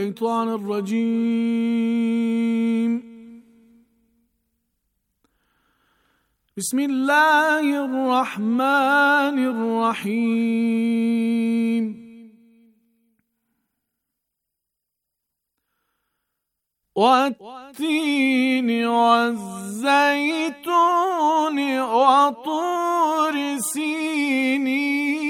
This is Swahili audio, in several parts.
الشيطان الرجيم بسم الله الرحمن الرحيم والتين والزيتون وطور سينين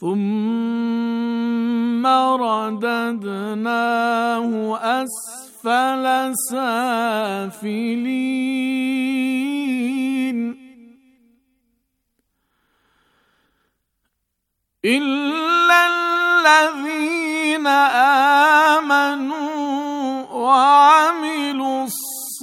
ثم رددناه أسفل سافلين إلا الذين آمنوا وعملوا الصالحات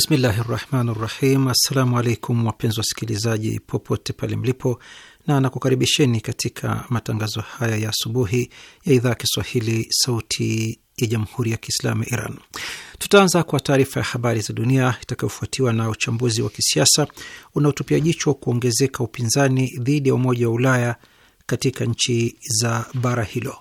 Bismillahi rahmani rahim. Assalamu alaikum wapenzi wasikilizaji popote pale mlipo, na nakukaribisheni katika matangazo haya ya asubuhi ya idhaa ya Kiswahili sauti ya jamhuri ya Kiislamu ya Iran. Tutaanza kwa taarifa ya habari za dunia itakayofuatiwa na uchambuzi wa kisiasa unaotupia jicho kuongezeka upinzani dhidi ya Umoja wa Ulaya katika nchi za bara hilo.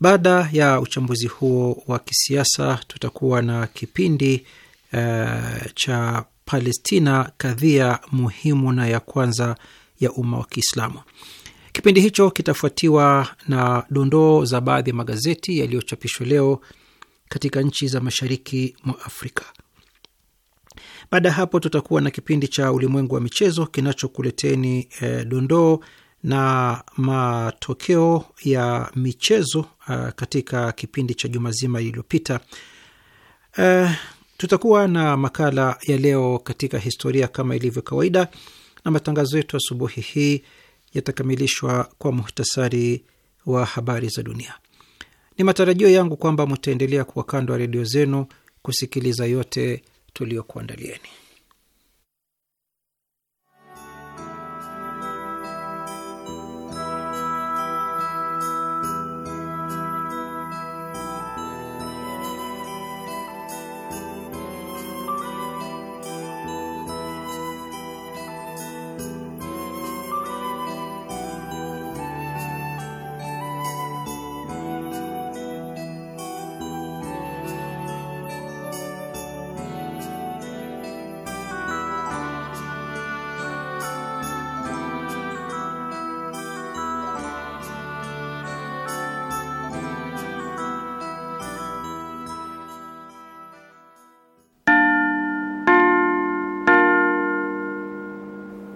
Baada ya uchambuzi huo wa kisiasa, tutakuwa na kipindi uh, cha Palestina, kadhia muhimu na ya kwanza ya umma wa Kiislamu. Kipindi hicho kitafuatiwa na dondoo za baadhi ya magazeti yaliyochapishwa leo katika nchi za mashariki mwa Afrika. Baada ya hapo, tutakuwa na kipindi cha ulimwengu wa michezo kinachokuleteni eh, dondoo na matokeo ya michezo uh, katika kipindi cha juma zima iliyopita. Uh, eh, Tutakuwa na makala ya leo katika historia kama ilivyo kawaida, na matangazo yetu asubuhi hii yatakamilishwa kwa muhtasari wa habari za dunia. Ni matarajio yangu kwamba mtaendelea kuwa kando ya redio zenu kusikiliza yote tuliyokuandalieni.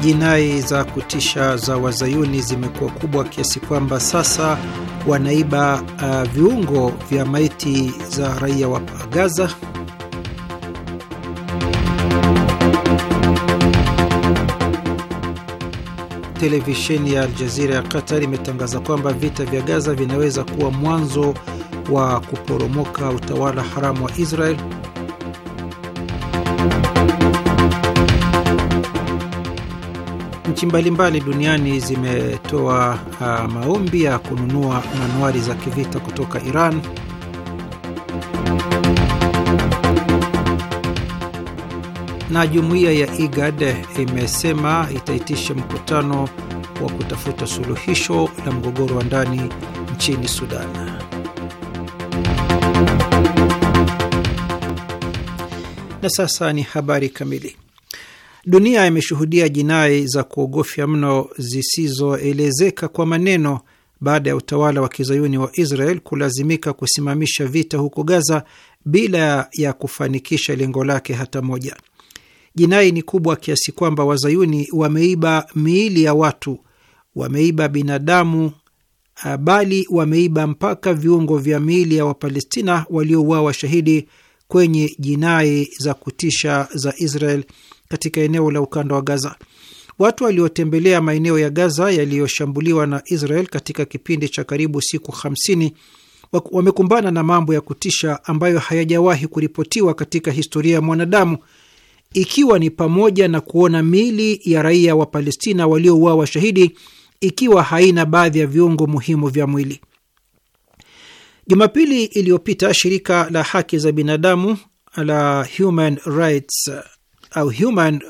Jinai za kutisha za wazayuni zimekuwa kubwa kiasi kwamba sasa wanaiba uh, viungo vya maiti za raia wa Gaza. Televisheni ya Aljazira ya Qatar imetangaza kwamba vita vya Gaza vinaweza kuwa mwanzo wa kuporomoka utawala haramu wa Israel. Nchi mbalimbali duniani zimetoa uh, maombi ya kununua manuari za kivita kutoka Iran. Na jumuiya ya IGAD imesema itaitisha mkutano wa kutafuta suluhisho la mgogoro wa ndani nchini Sudan. Na sasa ni habari kamili. Dunia imeshuhudia jinai za kuogofya mno zisizoelezeka kwa maneno baada ya utawala wa kizayuni wa Israel kulazimika kusimamisha vita huko Gaza bila ya kufanikisha lengo lake hata moja. Jinai ni kubwa kiasi kwamba wazayuni wameiba miili ya watu, wameiba binadamu, ah, bali wameiba mpaka viungo vya miili ya Wapalestina waliouawa shahidi kwenye jinai za kutisha za Israel katika eneo la ukanda wa Gaza. Watu waliotembelea maeneo ya Gaza yaliyoshambuliwa na Israel katika kipindi cha karibu siku 50 wamekumbana na mambo ya kutisha ambayo hayajawahi kuripotiwa katika historia ya mwanadamu, ikiwa ni pamoja na kuona mili ya raia wa Palestina waliouawa washahidi ikiwa haina baadhi ya viungo muhimu vya mwili. Jumapili iliyopita shirika la haki za binadamu la Human Rights au Human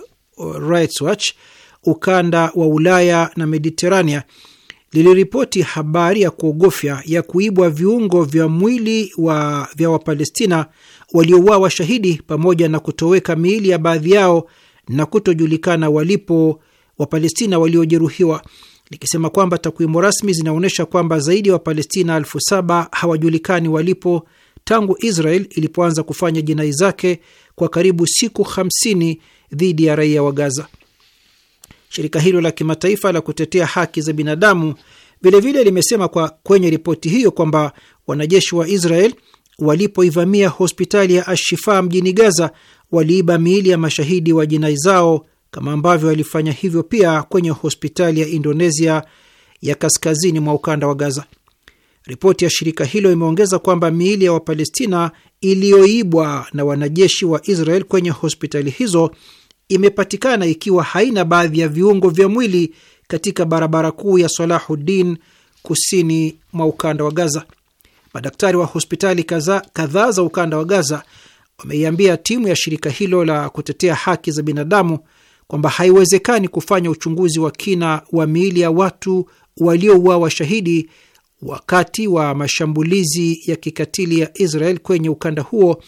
Rights Watch ukanda wa Ulaya na Mediterania liliripoti habari ya kuogofya ya kuibwa viungo vya mwili wa, vya Wapalestina waliouawa shahidi pamoja na kutoweka miili ya baadhi yao na kutojulikana walipo Wapalestina waliojeruhiwa likisema kwamba takwimu rasmi zinaonyesha kwamba zaidi ya Wapalestina elfu saba hawajulikani walipo tangu Israel ilipoanza kufanya jinai zake kwa karibu siku 50 dhidi ya raia wa Gaza. Shirika hilo la kimataifa la kutetea haki za binadamu vilevile limesema kwa kwenye ripoti hiyo kwamba wanajeshi wa Israel walipoivamia hospitali ya Ashifa mjini Gaza waliiba miili ya mashahidi wa jinai zao kama ambavyo walifanya hivyo pia kwenye hospitali ya Indonesia ya kaskazini mwa ukanda wa Gaza. Ripoti ya shirika hilo imeongeza kwamba miili ya Wapalestina iliyoibwa na wanajeshi wa Israel kwenye hospitali hizo imepatikana ikiwa haina baadhi ya viungo vya mwili katika barabara kuu ya Salahuddin kusini mwa ukanda wa Gaza. Madaktari wa hospitali kadhaa za ukanda wa Gaza wameiambia timu ya shirika hilo la kutetea haki za binadamu kwamba haiwezekani kufanya uchunguzi wa kina wa miili ya watu waliouawa shahidi wakati wa mashambulizi ya kikatili ya Israel kwenye ukanda huo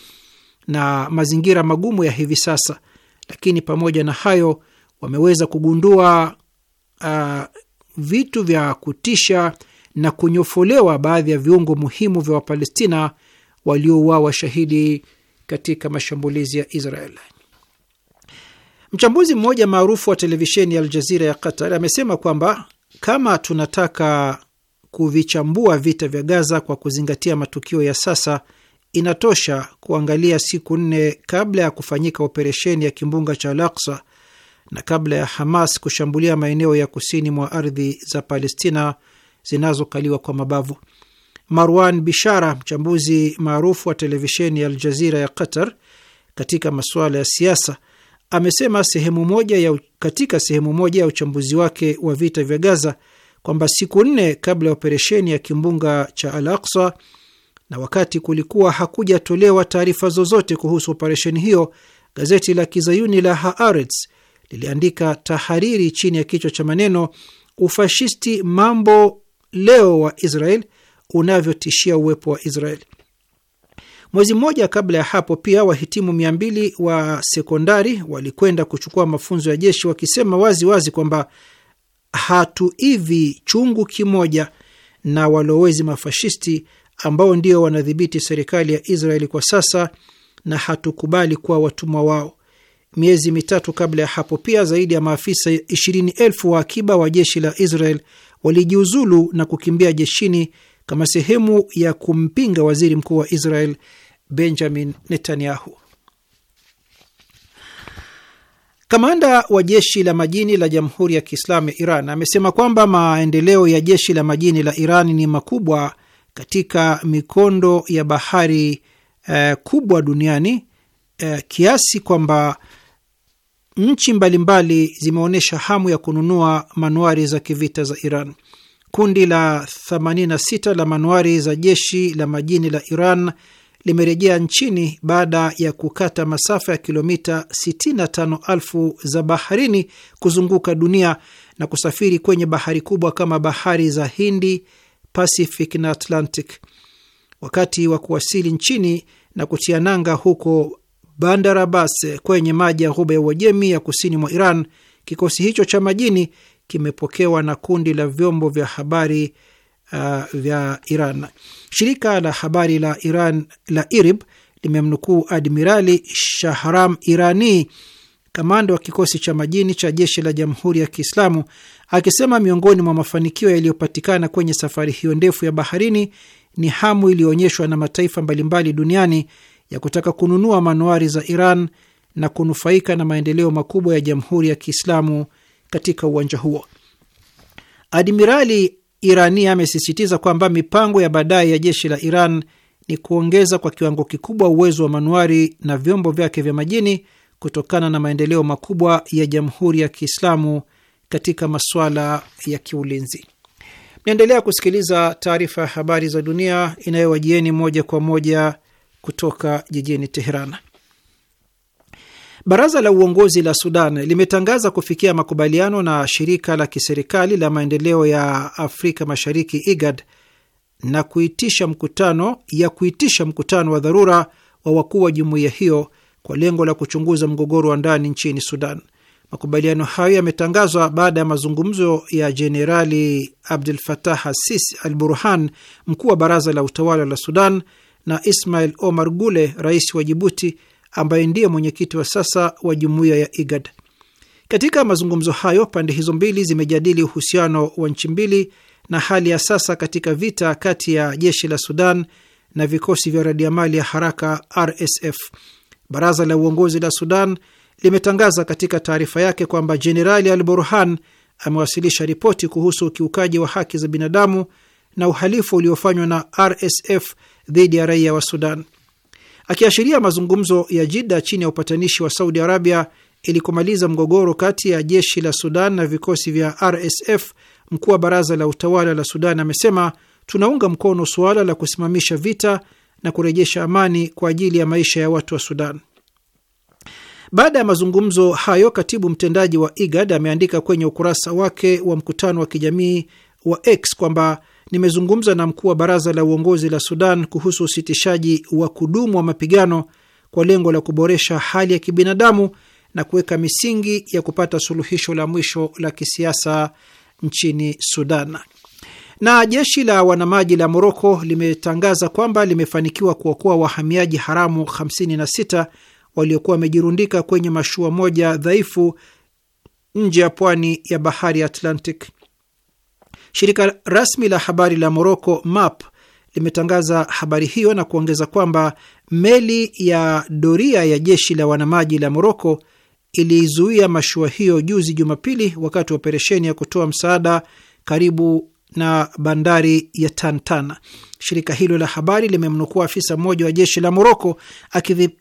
na mazingira magumu ya hivi sasa, lakini pamoja na hayo wameweza kugundua uh, vitu vya kutisha na kunyofolewa baadhi ya viungo muhimu vya Wapalestina waliouawa shahidi katika mashambulizi ya Israel. Mchambuzi mmoja maarufu wa televisheni ya Aljazira ya Qatar amesema kwamba kama tunataka kuvichambua vita vya Gaza kwa kuzingatia matukio ya sasa, inatosha kuangalia siku nne kabla ya kufanyika operesheni ya kimbunga cha Al-Aqsa na kabla ya Hamas kushambulia maeneo ya kusini mwa ardhi za Palestina zinazokaliwa kwa mabavu. Marwan Bishara, mchambuzi maarufu wa televisheni ya Aljazira ya Qatar katika masuala ya siasa, amesema sehemu moja ya, katika sehemu moja ya uchambuzi wake wa vita vya Gaza kwamba siku nne kabla ya operesheni ya kimbunga cha Al Aksa na wakati kulikuwa hakujatolewa taarifa zozote kuhusu operesheni hiyo, gazeti la kizayuni la Haaretz liliandika tahariri chini ya kichwa cha maneno ufashisti mambo leo wa Israel unavyotishia uwepo wa Israel. Mwezi mmoja kabla ya hapo pia wahitimu mia mbili wa sekondari walikwenda kuchukua mafunzo ya jeshi wakisema wazi wazi kwamba hatuivi chungu kimoja na walowezi mafashisti ambao ndio wanadhibiti serikali ya Israeli kwa sasa na hatukubali kuwa watumwa wao. Miezi mitatu kabla ya hapo pia zaidi ya maafisa ishirini elfu wa akiba wa jeshi la Israel walijiuzulu na kukimbia jeshini kama sehemu ya kumpinga waziri mkuu wa Israel Benjamin Netanyahu. Kamanda wa jeshi la majini la Jamhuri ya Kiislamu ya Iran amesema kwamba maendeleo ya jeshi la majini la Iran ni makubwa katika mikondo ya bahari eh, kubwa duniani eh, kiasi kwamba nchi mbalimbali zimeonyesha hamu ya kununua manuari za kivita za Iran. Kundi la 86 la manuari za jeshi la majini la Iran limerejea nchini baada ya kukata masafa ya kilomita 65,000 za baharini kuzunguka dunia na kusafiri kwenye bahari kubwa kama bahari za Hindi, Pacific na Atlantic. Wakati wa kuwasili nchini na kutia nanga huko Bandar Abbas kwenye maji ya Ghuba ya Uajemi ya kusini mwa Iran, kikosi hicho cha majini kimepokewa na kundi la vyombo vya habari uh, vya Iran. Shirika la habari la Iran la IRIB limemnukuu Admirali Shahram Irani, kamanda wa kikosi cha majini cha jeshi la Jamhuri ya Kiislamu, akisema miongoni mwa mafanikio yaliyopatikana kwenye safari hiyo ndefu ya baharini ni hamu iliyoonyeshwa na mataifa mbalimbali duniani ya kutaka kununua manuari za Iran na kunufaika na maendeleo makubwa ya Jamhuri ya Kiislamu katika uwanja huo. Admirali Irani amesisitiza kwamba mipango ya baadaye ya jeshi la Iran ni kuongeza kwa kiwango kikubwa uwezo wa manuari na vyombo vyake vya majini kutokana na maendeleo makubwa ya Jamhuri ya Kiislamu katika masuala ya kiulinzi. Mnaendelea kusikiliza taarifa ya habari za dunia inayowajieni moja kwa moja kutoka jijini Teheran. Baraza la uongozi la Sudan limetangaza kufikia makubaliano na shirika la kiserikali la maendeleo ya Afrika Mashariki IGAD na kuitisha mkutano ya kuitisha mkutano wa dharura wa wakuu wa jumuiya hiyo kwa lengo la kuchunguza mgogoro wa ndani nchini Sudan. Makubaliano hayo yametangazwa baada ya mazungumzo ya Jenerali Abdul Fatah Assis Al Burhan, mkuu wa baraza la utawala la Sudan, na Ismail Omar Gule, rais wa Jibuti, ambaye ndiye mwenyekiti wa sasa wa jumuiya ya IGAD. Katika mazungumzo hayo, pande hizo mbili zimejadili uhusiano wa nchi mbili na hali ya sasa katika vita kati ya jeshi la Sudan na vikosi vya radiamali ya haraka RSF. Baraza la uongozi la Sudan limetangaza katika taarifa yake kwamba Jenerali Al Burhan amewasilisha ripoti kuhusu ukiukaji wa haki za binadamu na uhalifu uliofanywa na RSF dhidi ya raia wa Sudan akiashiria mazungumzo ya Jida chini ya upatanishi wa Saudi Arabia ili kumaliza mgogoro kati ya jeshi la Sudan na vikosi vya RSF. Mkuu wa baraza la utawala la Sudan amesema, tunaunga mkono suala la kusimamisha vita na kurejesha amani kwa ajili ya maisha ya watu wa Sudan. Baada ya mazungumzo hayo, katibu mtendaji wa IGAD ameandika kwenye ukurasa wake wa mkutano wa kijamii wa X kwamba nimezungumza na mkuu wa baraza la uongozi la Sudan kuhusu usitishaji wa kudumu wa mapigano kwa lengo la kuboresha hali ya kibinadamu na kuweka misingi ya kupata suluhisho la mwisho la kisiasa nchini Sudan. Na jeshi la wanamaji la Moroko limetangaza kwamba limefanikiwa kuokoa wahamiaji haramu 56 waliokuwa wamejirundika kwenye mashua moja dhaifu nje ya pwani ya bahari ya Atlantic. Shirika rasmi la habari la Moroko MAP limetangaza habari hiyo na kuongeza kwamba meli ya doria ya jeshi la wanamaji la Moroko ilizuia mashua hiyo juzi Jumapili wakati wa operesheni ya kutoa msaada karibu na bandari ya Tantana. Shirika hilo la habari limemnukua afisa mmoja wa jeshi la Moroko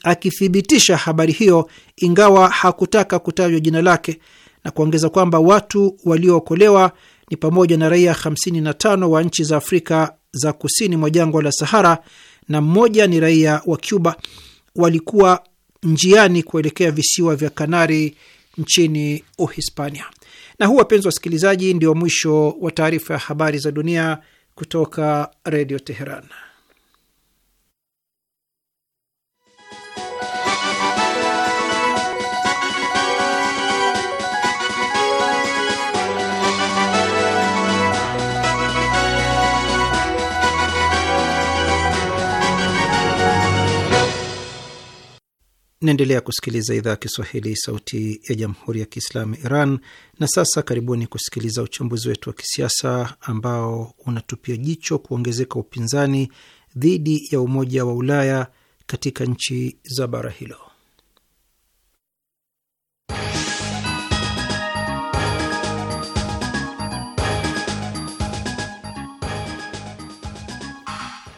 akithibitisha habari hiyo, ingawa hakutaka kutajwa jina lake, na kuongeza kwamba watu waliookolewa ni pamoja na raia 55 wa nchi za Afrika za kusini mwa jangwa la Sahara na mmoja ni raia wa Cuba walikuwa njiani kuelekea visiwa vya Kanari nchini Uhispania. Na huu, wapenzi wa wasikilizaji, ndio mwisho wa taarifa ya habari za dunia kutoka Redio Teheran. Naendelea kusikiliza idhaa ya Kiswahili, sauti ya jamhuri ya kiislamu Iran. Na sasa karibuni kusikiliza uchambuzi wetu wa kisiasa ambao unatupia jicho kuongezeka upinzani dhidi ya umoja wa Ulaya katika nchi za bara hilo.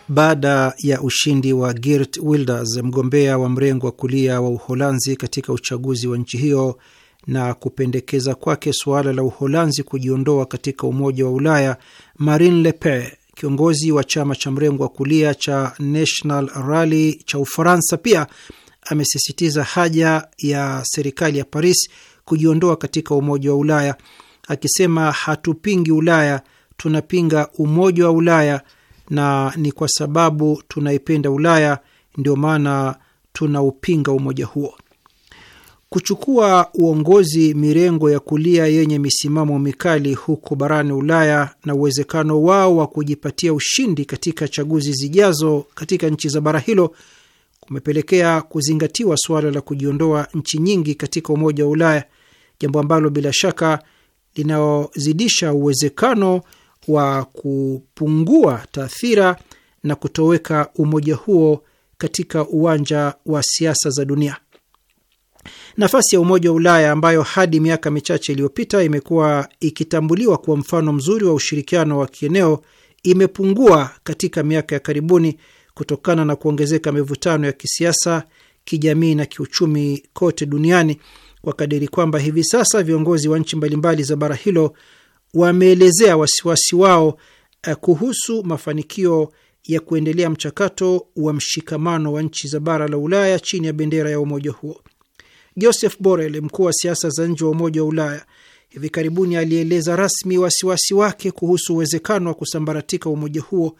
baada ya ushindi wa Geert Wilders, mgombea wa mrengo wa kulia wa Uholanzi katika uchaguzi wa nchi hiyo na kupendekeza kwake suala la Uholanzi kujiondoa katika Umoja wa Ulaya, Marine Le Pen, kiongozi wa chama cha mrengo wa kulia cha National Rally cha Ufaransa, pia amesisitiza haja ya serikali ya Paris kujiondoa katika Umoja wa Ulaya, akisema hatupingi Ulaya, tunapinga umoja wa Ulaya na ni kwa sababu tunaipenda Ulaya ndio maana tunaupinga umoja huo. Kuchukua uongozi mirengo ya kulia yenye misimamo mikali huko barani Ulaya na uwezekano wao wa kujipatia ushindi katika chaguzi zijazo katika nchi za bara hilo kumepelekea kuzingatiwa suala la kujiondoa nchi nyingi katika umoja wa Ulaya, jambo ambalo bila shaka linaozidisha uwezekano wa kupungua taathira na kutoweka umoja huo katika uwanja wa siasa za dunia. Nafasi ya Umoja wa Ulaya ambayo hadi miaka michache iliyopita imekuwa ikitambuliwa kuwa mfano mzuri wa ushirikiano wa kieneo imepungua katika miaka ya karibuni kutokana na kuongezeka mivutano ya kisiasa, kijamii na kiuchumi kote duniani kwa kadiri kwamba hivi sasa viongozi wa nchi mbalimbali za bara hilo wameelezea wasiwasi wao eh, kuhusu mafanikio ya kuendelea mchakato wa mshikamano wa nchi za bara la Ulaya chini ya bendera ya umoja huo. Joseph Borrell, mkuu wa siasa za nje wa Umoja wa Ulaya, hivi karibuni alieleza rasmi wasiwasi wake kuhusu uwezekano wa kusambaratika umoja huo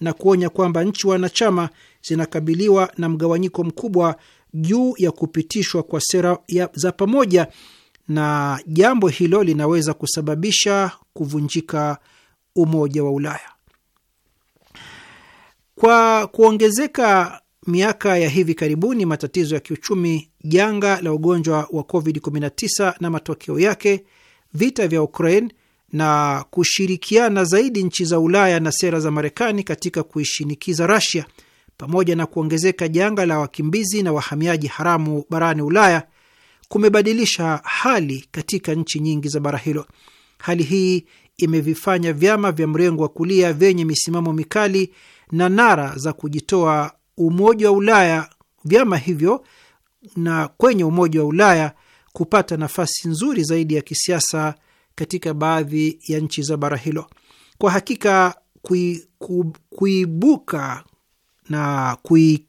na kuonya kwamba nchi wanachama zinakabiliwa na mgawanyiko mkubwa juu ya kupitishwa kwa sera ya za pamoja na jambo hilo linaweza kusababisha kuvunjika umoja wa Ulaya. Kwa kuongezeka miaka ya hivi karibuni matatizo ya kiuchumi, janga la ugonjwa wa COVID-19 na matokeo yake, vita vya Ukraine na kushirikiana zaidi nchi za Ulaya na sera za Marekani katika kuishinikiza Russia, pamoja na kuongezeka janga la wakimbizi na wahamiaji haramu barani Ulaya kumebadilisha hali katika nchi nyingi za bara hilo. Hali hii imevifanya vyama vya mrengo wa kulia vyenye misimamo mikali na nara za kujitoa umoja wa Ulaya, vyama hivyo na kwenye umoja wa Ulaya kupata nafasi nzuri zaidi ya kisiasa katika baadhi ya nchi za bara hilo. Kwa hakika kui, ku, kuibuka na kui,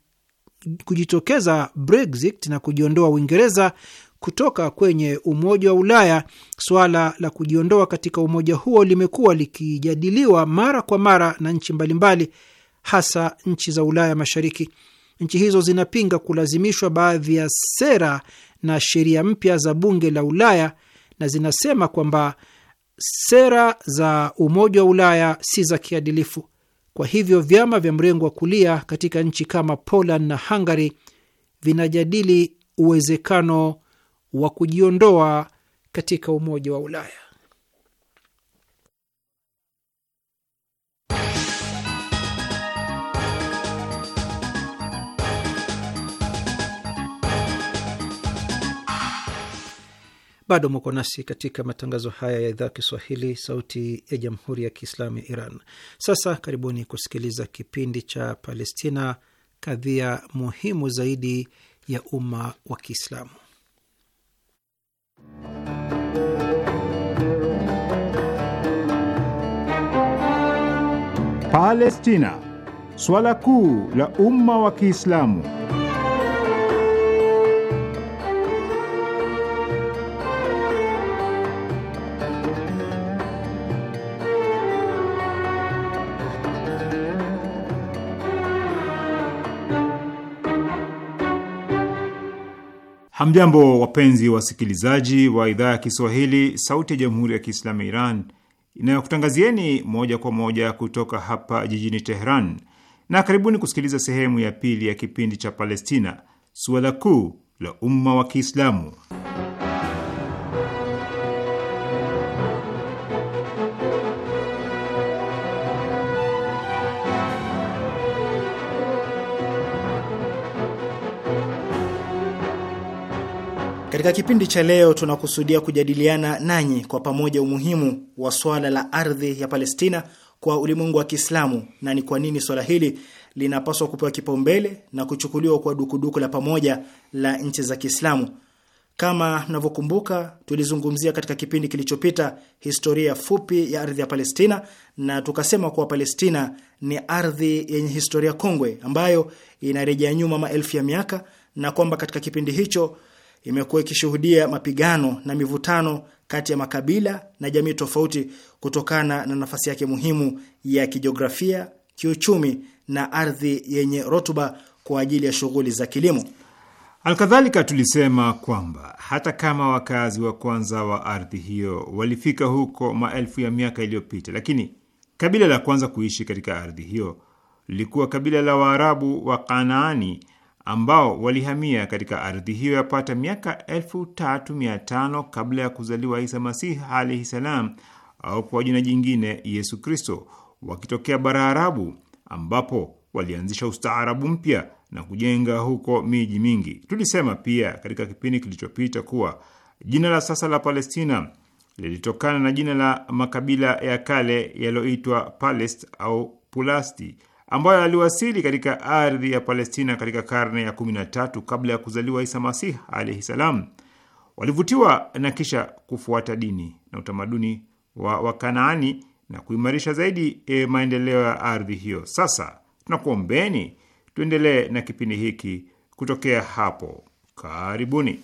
kujitokeza Brexit na kujiondoa Uingereza kutoka kwenye Umoja wa Ulaya, suala la kujiondoa katika umoja huo limekuwa likijadiliwa mara kwa mara na nchi mbalimbali, hasa nchi za Ulaya Mashariki. Nchi hizo zinapinga kulazimishwa baadhi ya sera na sheria mpya za bunge la Ulaya na zinasema kwamba sera za Umoja wa Ulaya si za kiadilifu. Kwa hivyo vyama vya mrengo wa kulia katika nchi kama Poland na Hungary vinajadili uwezekano wa kujiondoa katika Umoja wa Ulaya. Bado mwako nasi katika matangazo haya ya idhaa Kiswahili, sauti ya jamhuri ya kiislamu ya Iran. Sasa karibuni kusikiliza kipindi cha Palestina, kadhia muhimu zaidi ya umma wa Kiislamu. Palestina, swala kuu la umma wa Kiislamu. Hamjambo, wapenzi wasikilizaji wa idhaa ya Kiswahili sauti ya jamhuri ya Kiislamu ya Iran inayokutangazieni moja kwa moja kutoka hapa jijini Teheran, na karibuni kusikiliza sehemu ya pili ya kipindi cha Palestina, suala kuu la umma wa Kiislamu. Katika kipindi cha leo tunakusudia kujadiliana nanyi kwa pamoja umuhimu wa swala la ardhi ya Palestina kwa ulimwengu wa Kiislamu na ni kwa nini swala hili linapaswa kupewa kipaumbele na kuchukuliwa kwa dukuduku la pamoja la nchi za Kiislamu. Kama mnavyokumbuka, tulizungumzia katika kipindi kilichopita historia fupi ya ardhi ya Palestina na tukasema kuwa Palestina ni ardhi yenye historia kongwe ambayo inarejea nyuma maelfu ya miaka na kwamba katika kipindi hicho imekuwa ikishuhudia mapigano na mivutano kati ya makabila na jamii tofauti kutokana na nafasi yake muhimu ya kijiografia, kiuchumi na ardhi yenye rutuba kwa ajili ya shughuli za kilimo. Alkadhalika, tulisema kwamba hata kama wakazi wa kwanza wa ardhi hiyo walifika huko maelfu ya miaka iliyopita, lakini kabila la kwanza kuishi katika ardhi hiyo lilikuwa kabila la Waarabu wa Kanaani ambao walihamia katika ardhi hiyo yapata miaka elfu tatu mia tano kabla ya kuzaliwa Isa Masihi alaihi salam, au kwa jina jingine Yesu Kristo, wakitokea bara Arabu ambapo walianzisha ustaarabu mpya na kujenga huko miji mingi. Tulisema pia katika kipindi kilichopita kuwa jina la sasa la Palestina lilitokana na jina la makabila ya kale yaliyoitwa Palest au Pulasti ambayo aliwasili katika ardhi ya Palestina katika karne ya 13 kabla ya kuzaliwa Isa Masih alaihi salam. Walivutiwa na kisha kufuata dini na utamaduni wa Wakanaani na kuimarisha zaidi e, maendeleo ya ardhi hiyo. Sasa tunakuombeni tuendelee na kipindi hiki kutokea hapo karibuni.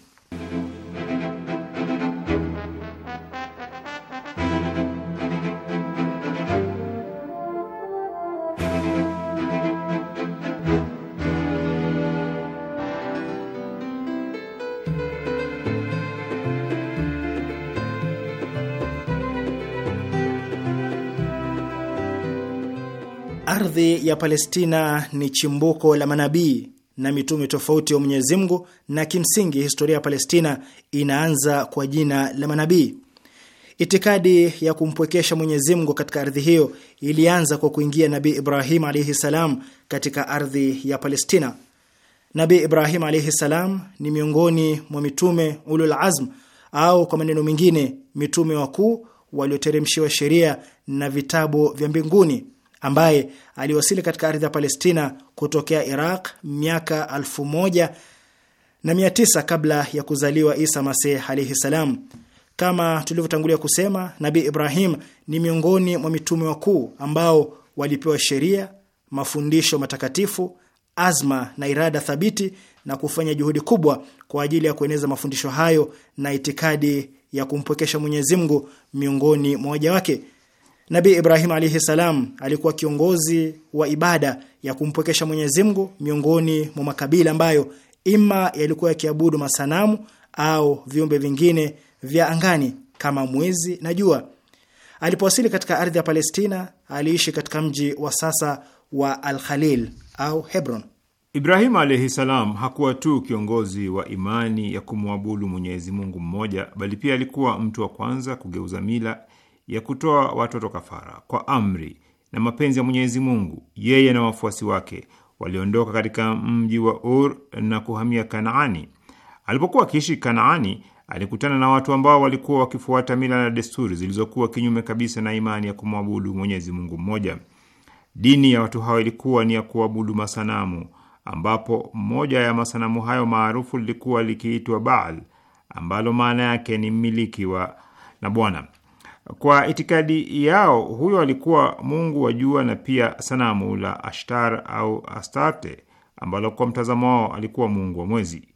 ya Palestina ni chimbuko la manabii na mitume tofauti ya Mwenyezi Mungu, na kimsingi historia ya Palestina inaanza kwa jina la manabii. Itikadi ya kumpwekesha Mwenyezi Mungu katika ardhi hiyo ilianza kwa kuingia Nabii Ibrahim alaihi salam katika ardhi ya Palestina. Nabii Ibrahim alaihi salam ni miongoni mwa mitume ulul azm, au kwa maneno mengine, mitume wakuu walioteremshiwa sheria na vitabu vya mbinguni ambaye aliwasili katika ardhi ya Palestina kutokea Iraq miaka elfu moja na mia tisa kabla ya kuzaliwa Isa Masih alaihi salam. Kama tulivyotangulia kusema, Nabi Ibrahim ni miongoni mwa mitume wakuu ambao walipewa sheria, mafundisho matakatifu, azma na irada thabiti na kufanya juhudi kubwa kwa ajili ya kueneza mafundisho hayo na itikadi ya kumpwekesha Mwenyezi Mungu miongoni mwa waja wake. Nabii Ibrahim alaihi salam alikuwa kiongozi wa ibada ya kumpwekesha Mwenyezi Mungu miongoni mwa makabila ambayo ima yalikuwa yakiabudu masanamu au viumbe vingine vya angani kama mwezi na jua. Alipowasili katika ardhi ya Palestina, aliishi katika mji wa sasa wa Al-Khalil au Hebron. Ibrahimu alaihi salam hakuwa tu kiongozi wa imani ya kumwabudu Mwenyezi Mungu mmoja, bali pia alikuwa mtu wa kwanza kugeuza mila ya kutoa watoto kafara. Kwa amri na mapenzi ya Mwenyezi Mungu, yeye na wafuasi wake waliondoka katika mji wa Ur na kuhamia Kanaani. Alipokuwa akiishi Kanaani, alikutana na watu ambao walikuwa wakifuata mila na desturi zilizokuwa kinyume kabisa na imani ya kumwabudu Mwenyezi Mungu mmoja. Dini ya watu hao ilikuwa ni ya kuabudu masanamu, ambapo moja ya masanamu hayo maarufu lilikuwa likiitwa Baal, ambalo maana yake ni mmiliki wa na bwana. Kwa itikadi yao huyo alikuwa mungu wa jua na pia sanamu la Ashtar au Astarte ambalo kwa mtazamo wao alikuwa mungu wa mwezi.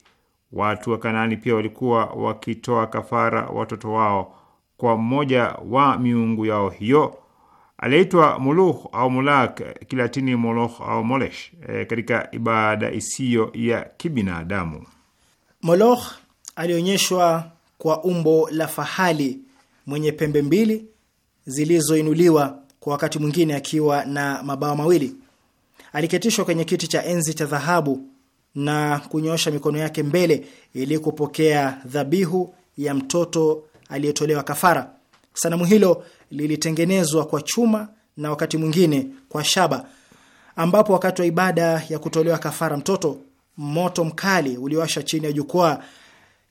Watu wa Kanaani pia walikuwa wakitoa kafara watoto wao kwa mmoja wa miungu yao hiyo aliyeitwa Muluh au Mulak, Kilatini Moloch au Molesh, e, katika ibada isiyo ya kibinadamu. Moloch alionyeshwa kwa umbo la fahali mwenye pembe mbili zilizoinuliwa, kwa wakati mwingine akiwa na mabao mawili. Aliketishwa kwenye kiti cha enzi cha dhahabu na kunyoosha mikono yake mbele ili kupokea dhabihu ya mtoto aliyetolewa kafara. Sanamu hilo lilitengenezwa kwa chuma na wakati mwingine kwa shaba, ambapo wakati wa ibada ya kutolewa kafara mtoto, moto mkali uliowasha chini ya jukwaa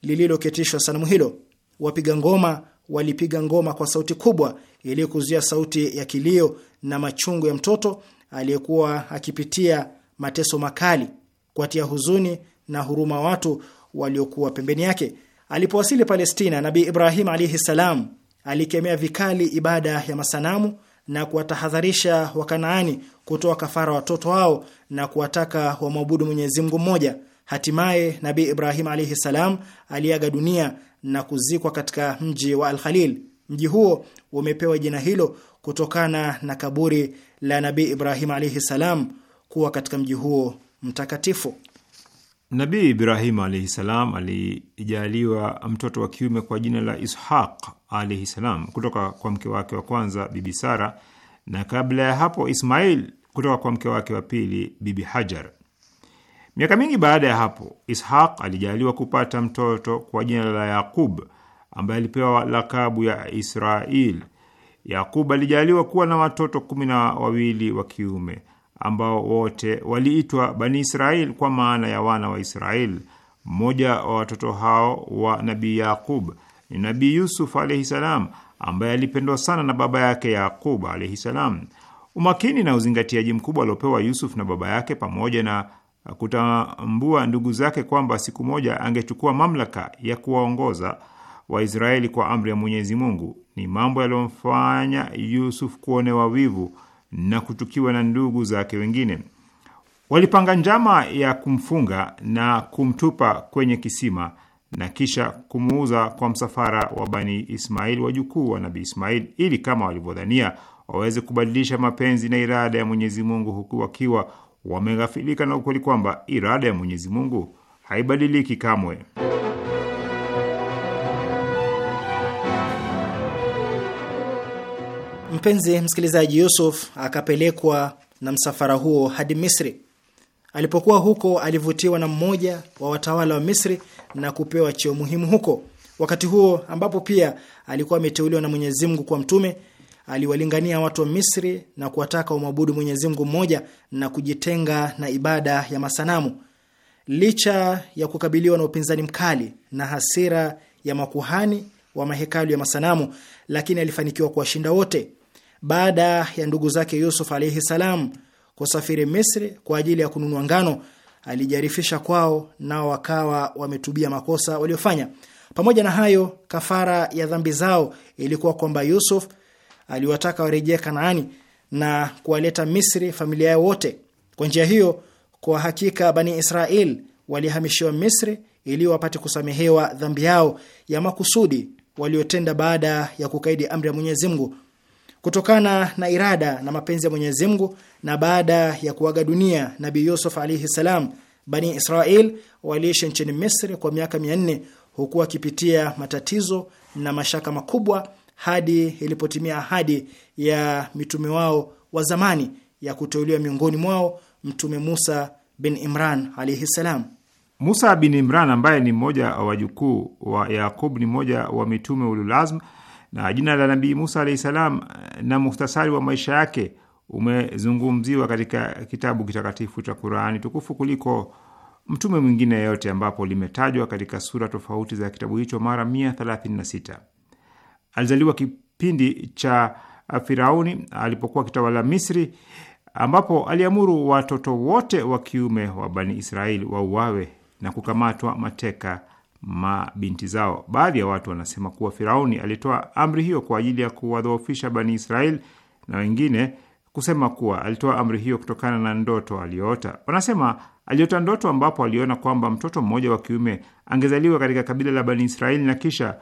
lililoketishwa sanamu hilo. Wapiga ngoma walipiga ngoma kwa sauti kubwa ili kuzuia sauti ya kilio na machungu ya mtoto aliyekuwa akipitia mateso makali, kuatia huzuni na huruma watu waliokuwa pembeni yake. Alipowasili Palestina, Nabii Ibrahim alaihi salam alikemea vikali ibada ya masanamu na kuwatahadharisha Wakanaani kutoa kafara watoto wao na kuwataka wamwabudu Mwenyezi Mungu mmoja. Hatimaye Nabii Ibrahim alaihi salam aliaga dunia na kuzikwa katika mji wa Al Khalil. Mji huo umepewa jina hilo kutokana na kaburi la Nabii Ibrahim alaihi salam kuwa katika mji huo mtakatifu. Nabii Ibrahim alaihi salam alijaliwa mtoto wa kiume kwa jina la Ishaq alaihi salam kutoka kwa mke wake wa kwanza Bibi Sara, na kabla ya hapo Ismail kutoka kwa mke wake wa pili Bibi Hajar. Miaka mingi baada ya hapo, Ishaq alijaliwa kupata mtoto kwa jina la Yaqub ambaye alipewa lakabu ya israel Yaqub alijaliwa kuwa na watoto kumi na wawili wa kiume ambao wote waliitwa Bani israel kwa maana ya wana wa israel Mmoja wa watoto hao wa Nabii Yaqub ni Nabii Yusuf alaihi salam, ambaye alipendwa sana na baba yake Yaqub alaihi salam. Umakini na uzingatiaji mkubwa aliopewa Yusuf na baba yake pamoja na kutambua ndugu zake kwamba siku moja angechukua mamlaka ya kuwaongoza Waisraeli kwa amri ya Mwenyezi Mungu. Ni mambo yaliyomfanya Yusuf kuonewa wivu na kuchukiwa na ndugu zake wengine. Walipanga njama ya kumfunga na kumtupa kwenye kisima na kisha kumuuza kwa msafara wa Bani Ismail, wajukuu wa Nabii Ismail, ili kama walivyodhania waweze kubadilisha mapenzi na irada ya Mwenyezi Mungu huku wakiwa wameghafilika na ukweli kwamba irada ya Mwenyezi Mungu haibadiliki kamwe. Mpenzi msikilizaji, Yusuf akapelekwa na msafara huo hadi Misri. Alipokuwa huko, alivutiwa na mmoja wa watawala wa Misri na kupewa cheo muhimu huko, wakati huo ambapo pia alikuwa ameteuliwa na Mwenyezi Mungu kuwa mtume aliwalingania watu wa Misri na kuwataka wamwabudu Mwenyezi Mungu mmoja na kujitenga na ibada ya masanamu. Licha ya kukabiliwa na upinzani mkali na hasira ya makuhani wa mahekalu ya masanamu, lakini alifanikiwa kuwashinda wote. Baada ya ndugu zake Yusuf alaihi salam kusafiri Misri kwa ajili ya kununua ngano, alijarifisha kwao, nao wakawa wametubia makosa waliofanya. Pamoja na hayo, kafara ya dhambi zao ilikuwa kwamba Yusuf aliwataka warejee Kanaani na kuwaleta Misri familia yao wote. Kwa njia hiyo, kwa hakika Bani Israel walihamishiwa Misri ili wapate kusamehewa dhambi yao ya makusudi waliotenda baada ya kukaidi amri ya Mwenyezi Mungu. Kutokana na irada na mapenzi ya Mwenyezi Mungu na baada ya kuaga dunia nabi Yusuf alaihi salam, Bani Israel waliishi nchini Misri kwa miaka mia nne huku wakipitia matatizo na mashaka makubwa hadi ilipotimia ahadi ya mitume wao wa zamani ya kuteuliwa miongoni mwao Mtume Musa bin Imran alaihi salam. Musa bin Imran ambaye ni mmoja wa jukuu wa Yaqub ni mmoja wa mitume ululazm, na jina la Nabii Musa alaihi salam eh, na muhtasari wa maisha yake umezungumziwa katika kitabu kitakatifu cha Qurani tukufu kuliko mtume mwingine yeyote, ambapo limetajwa katika sura tofauti za kitabu hicho mara 136. Alizaliwa kipindi cha Firauni alipokuwa akitawala Misri, ambapo aliamuru watoto wote wa kiume wa Bani Israeli wauawe na kukamatwa mateka mabinti zao. Baadhi ya watu wanasema kuwa Firauni alitoa amri hiyo kwa ajili ya kuwadhoofisha Bani Israeli na wengine kusema kuwa alitoa amri hiyo kutokana na ndoto aliyoota. Wanasema aliota ndoto ambapo aliona kwamba mtoto mmoja wa kiume angezaliwa katika kabila la Bani Israeli na kisha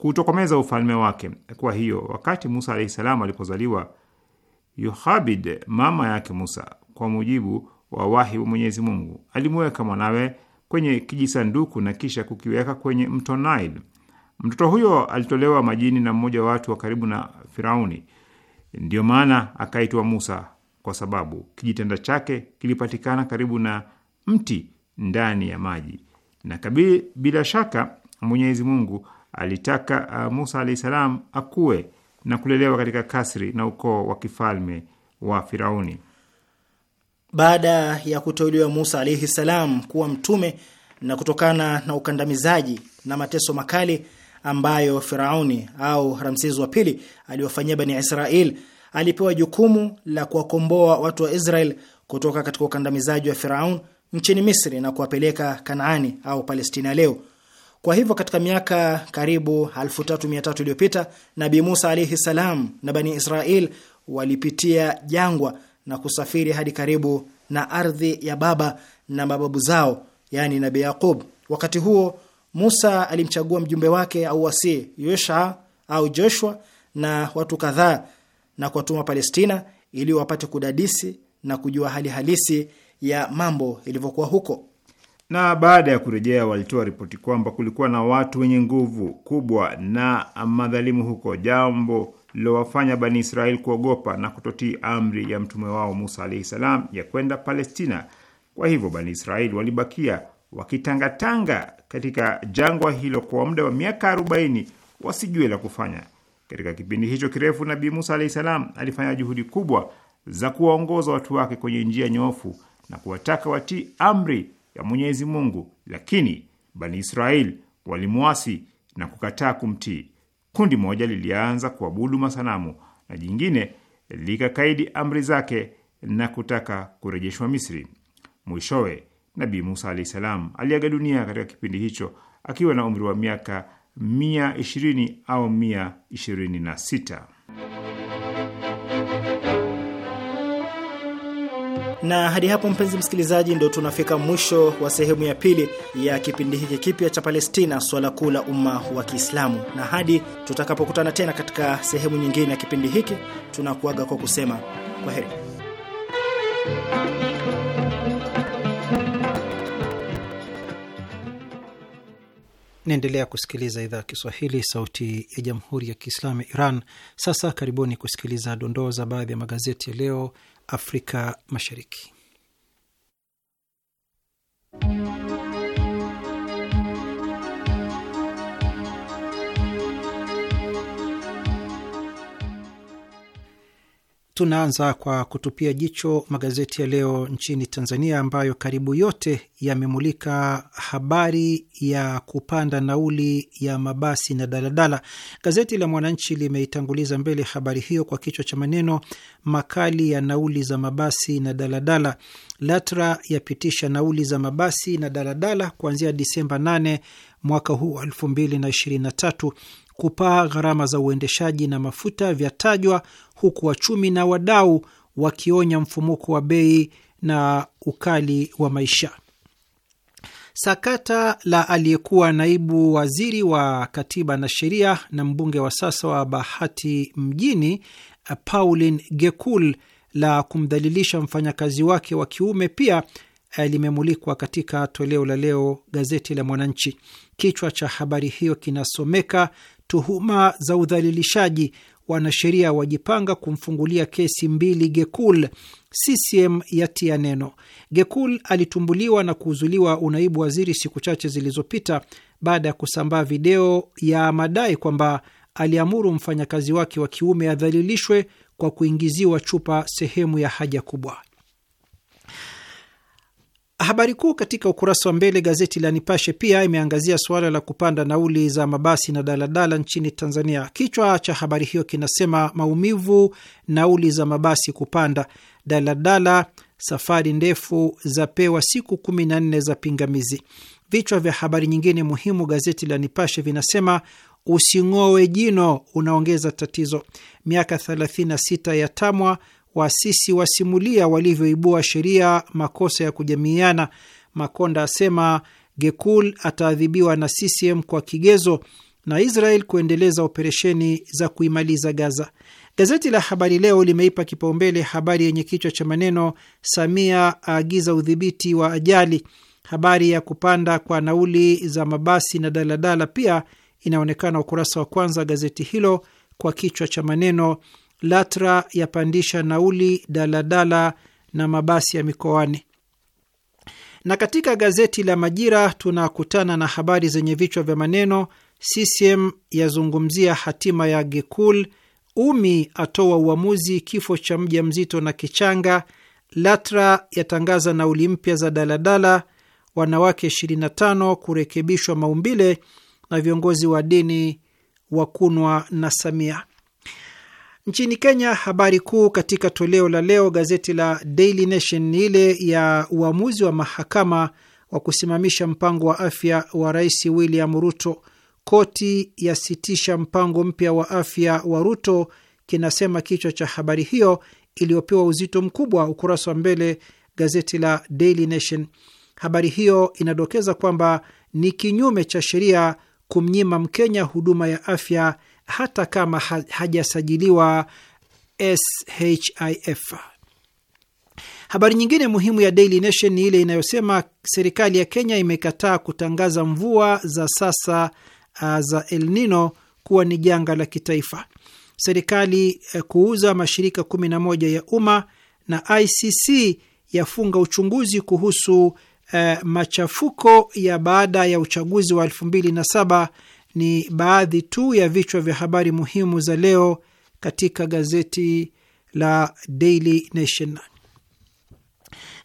kutokomeza ufalme wake. Kwa hiyo wakati Musa alahi salam alipozaliwa, Yohabid mama yake Musa, kwa mujibu wa wahi wa Mwenyezi Mungu, alimuweka mwanawe kwenye kijisanduku na kisha kukiweka kwenye mto Nile. Mtoto huyo alitolewa majini na mmoja wa watu wa karibu na Firauni. Ndiyo maana akaitwa Musa, kwa sababu kijitenda chake kilipatikana karibu na mti ndani ya maji. Na kabili, bila shaka Mwenyezi Mungu alitaka uh, Musa alahi salam akue na kulelewa katika kasri na ukoo wa kifalme wa Firauni. Baada ya kuteuliwa Musa alaihi salam kuwa mtume na kutokana na ukandamizaji na mateso makali ambayo Firauni au Ramses wa pili aliwafanyia Bani Israel, alipewa jukumu la kuwakomboa watu wa Israel kutoka katika ukandamizaji wa Firaun nchini Misri na kuwapeleka Kanaani au Palestina leo. Kwa hivyo katika miaka karibu 3300 iliyopita Nabi Musa alaihi salam na Bani Israel walipitia jangwa na kusafiri hadi karibu na ardhi ya baba na mababu zao, yani Nabi Yaqub. Wakati huo Musa alimchagua mjumbe wake au wasii Yosha au Joshua na watu kadhaa na kuwatuma Palestina ili wapate kudadisi na kujua hali halisi ya mambo ilivyokuwa huko na baada ya kurejea walitoa ripoti kwamba kulikuwa na watu wenye nguvu kubwa na madhalimu huko, jambo lilowafanya Bani israel kuogopa na kutotii amri ya mtume wao Musa alaihi salam ya kwenda Palestina. Kwa hivyo Bani Israel walibakia wakitangatanga katika jangwa hilo kwa muda wa miaka arobaini wasijue la kufanya. Katika kipindi hicho kirefu, Nabii Musa alahi salam alifanya juhudi kubwa za kuwaongoza watu wake kwenye njia nyofu na kuwataka watii amri ya Mwenyezi Mungu, lakini Bani Israel walimwasi na kukataa kumtii. Kundi moja lilianza kuabudu masanamu na jingine likakaidi amri zake na kutaka kurejeshwa Misri. Mwishowe Nabii Musa alahi salam aliaga dunia katika kipindi hicho akiwa na umri wa miaka mia ishirini au mia ishirini na sita. Na hadi hapo, mpenzi msikilizaji, ndio tunafika mwisho wa sehemu ya pili ya kipindi hiki kipya cha Palestina, swala kuu la umma wa Kiislamu. Na hadi tutakapokutana tena katika sehemu nyingine ya kipindi hiki, tunakuaga kwa kusema kwa heri. Naendelea kusikiliza idhaa ya Kiswahili, sauti ya jamhuri ya kiislamu ya Iran. Sasa karibuni kusikiliza dondoo za baadhi ya magazeti ya leo Afrika Mashariki. Tunaanza kwa kutupia jicho magazeti ya leo nchini Tanzania ambayo karibu yote yamemulika habari ya kupanda nauli ya mabasi na daladala. Gazeti la Mwananchi limeitanguliza mbele habari hiyo kwa kichwa cha maneno makali ya nauli za mabasi na daladala, LATRA yapitisha nauli za mabasi na daladala kuanzia Disemba 8 mwaka huu wa 2023 kupaa gharama za uendeshaji na mafuta vyatajwa huku wachumi na wadau wakionya mfumuko wa bei na ukali wa maisha. Sakata la aliyekuwa naibu waziri wa katiba na sheria na mbunge wa sasa wa Bahati mjini Paulin Gekul la kumdhalilisha mfanyakazi wake wa kiume pia eh, limemulikwa katika toleo la leo gazeti la Mwananchi. Kichwa cha habari hiyo kinasomeka tuhuma za udhalilishaji, wanasheria wajipanga kumfungulia kesi mbili Gekul. CCM yatia neno. Gekul alitumbuliwa na kuuzuliwa unaibu waziri siku chache zilizopita baada ya kusambaa video ya madai kwamba aliamuru mfanyakazi wake wa kiume adhalilishwe kwa kuingiziwa chupa sehemu ya haja kubwa. Habari kuu katika ukurasa wa mbele gazeti la Nipashe pia imeangazia suala la kupanda nauli za mabasi na daladala nchini Tanzania. Kichwa cha habari hiyo kinasema maumivu, nauli za mabasi kupanda, daladala safari ndefu zapewa siku kumi na nne za pingamizi. Vichwa vya habari nyingine muhimu gazeti la Nipashe vinasema using'owe jino unaongeza tatizo, miaka 36 ya TAMWA waasisi wasimulia walivyoibua sheria, makosa ya kujamiiana. Makonda asema Gekul ataadhibiwa na CCM kwa kigezo na Israel kuendeleza operesheni za kuimaliza Gaza. Gazeti la Habari Leo limeipa kipaumbele habari yenye kichwa cha maneno Samia aagiza udhibiti wa ajali. Habari ya kupanda kwa nauli za mabasi na daladala pia inaonekana ukurasa wa kwanza gazeti hilo kwa kichwa cha maneno LATRA yapandisha nauli daladala na mabasi ya mikoani. Na katika gazeti la Majira tunakutana na habari zenye vichwa vya maneno: CCM yazungumzia hatima ya Gekul, Umi atoa uamuzi kifo cha mja mzito na kichanga, LATRA yatangaza nauli mpya za daladala, wanawake 25 kurekebishwa maumbile, na viongozi wa dini wakunwa na Samia. Nchini Kenya, habari kuu katika toleo la leo gazeti la Daily Nation ni ile ya uamuzi wa mahakama wa kusimamisha mpango wa afya wa Rais William Ruto. Koti yasitisha mpango mpya wa afya wa Ruto, kinasema kichwa cha habari hiyo iliyopewa uzito mkubwa ukurasa wa mbele gazeti la Daily Nation. Habari hiyo inadokeza kwamba ni kinyume cha sheria kumnyima Mkenya huduma ya afya hata kama hajasajiliwa SHIF. Habari nyingine muhimu ya Daily Nation ni ile inayosema serikali ya Kenya imekataa kutangaza mvua za sasa uh, za El Nino kuwa ni janga la kitaifa. Serikali uh, kuuza mashirika 11 ya umma na ICC yafunga uchunguzi kuhusu uh, machafuko ya baada ya uchaguzi wa 2007 ni baadhi tu ya vichwa vya habari muhimu za leo katika gazeti la Daily Nation.